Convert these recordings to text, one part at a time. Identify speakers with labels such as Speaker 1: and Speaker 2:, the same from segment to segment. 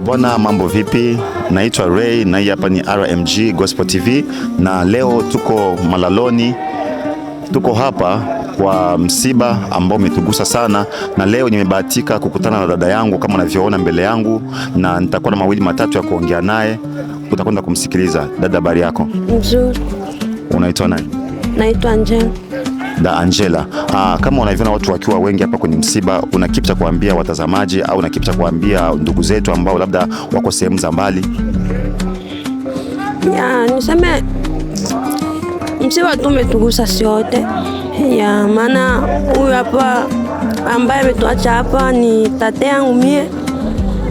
Speaker 1: Bwana, mambo vipi? Naitwa Ray na hii hapa ni RMG Gospel TV, na leo tuko Malaloni, tuko hapa kwa msiba ambao umetugusa sana, na leo nimebahatika kukutana na dada yangu kama unavyoona mbele yangu, na nitakuwa na mawili matatu ya kuongea naye. Utakwenda kumsikiliza. Dada, habari yako? Mzuri. Unaitwa nani?
Speaker 2: Naitwa Njeni
Speaker 1: da Angela. Aa, ah, kama unaviona watu wakiwa wengi hapa kwenye msiba, una kipi cha kuambia watazamaji au una kipi cha kuambia ndugu zetu ambao labda wako sehemu za mbali?
Speaker 2: Ya, niseme msiba tu umetugusa sote ya, maana huyu hapa ambaye ametuacha hapa ni tate yangu mie,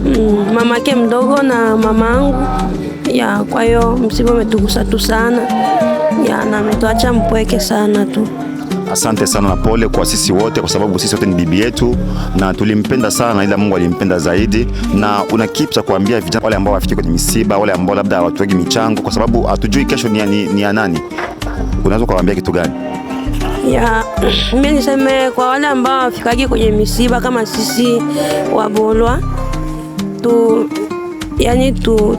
Speaker 2: mm, mamake mdogo na mama angu ya. Kwa hiyo msiba umetugusa tu sana ya, na ametuacha mpweke sana tu.
Speaker 1: Asante sana na pole kwa sisi wote, kwa sababu sisi wote ni bibi yetu na tulimpenda sana, ila Mungu alimpenda zaidi. Na una kipi cha kuambia vijana wale ambao wafiki kwenye misiba, wale ambao labda hawatoegi michango, kwa sababu hatujui kesho ni, ni, ni ya nani? Unaweza kuwaambia kitu gani?
Speaker 2: Ya, mimi niseme kwa wale ambao wafikagi kwenye misiba kama sisi wabolwa tu, yani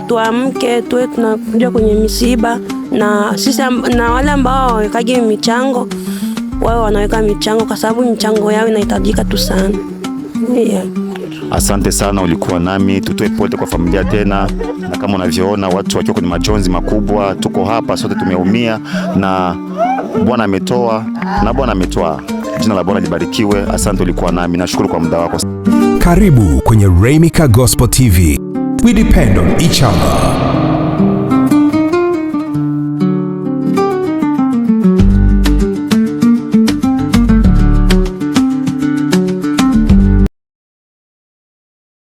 Speaker 2: tuamke tu tuwe tunakuja kwenye misiba na sisi, na wale ambao wawekagi michango wao wanaweka michango, kwa sababu michango yao inahitajika tu sana yeah.
Speaker 1: Asante sana, ulikuwa nami. Tutoe pole kwa familia tena, na kama unavyoona watu wakiwa kwenye majonzi makubwa. Tuko hapa sote, tumeumia na Bwana ametoa na Bwana ametoa Jina la Bwana libarikiwe. Asante, ulikuwa nami. Nashukuru kwa muda wako. Karibu kwenye Remika Gospel TV. We depend on each other.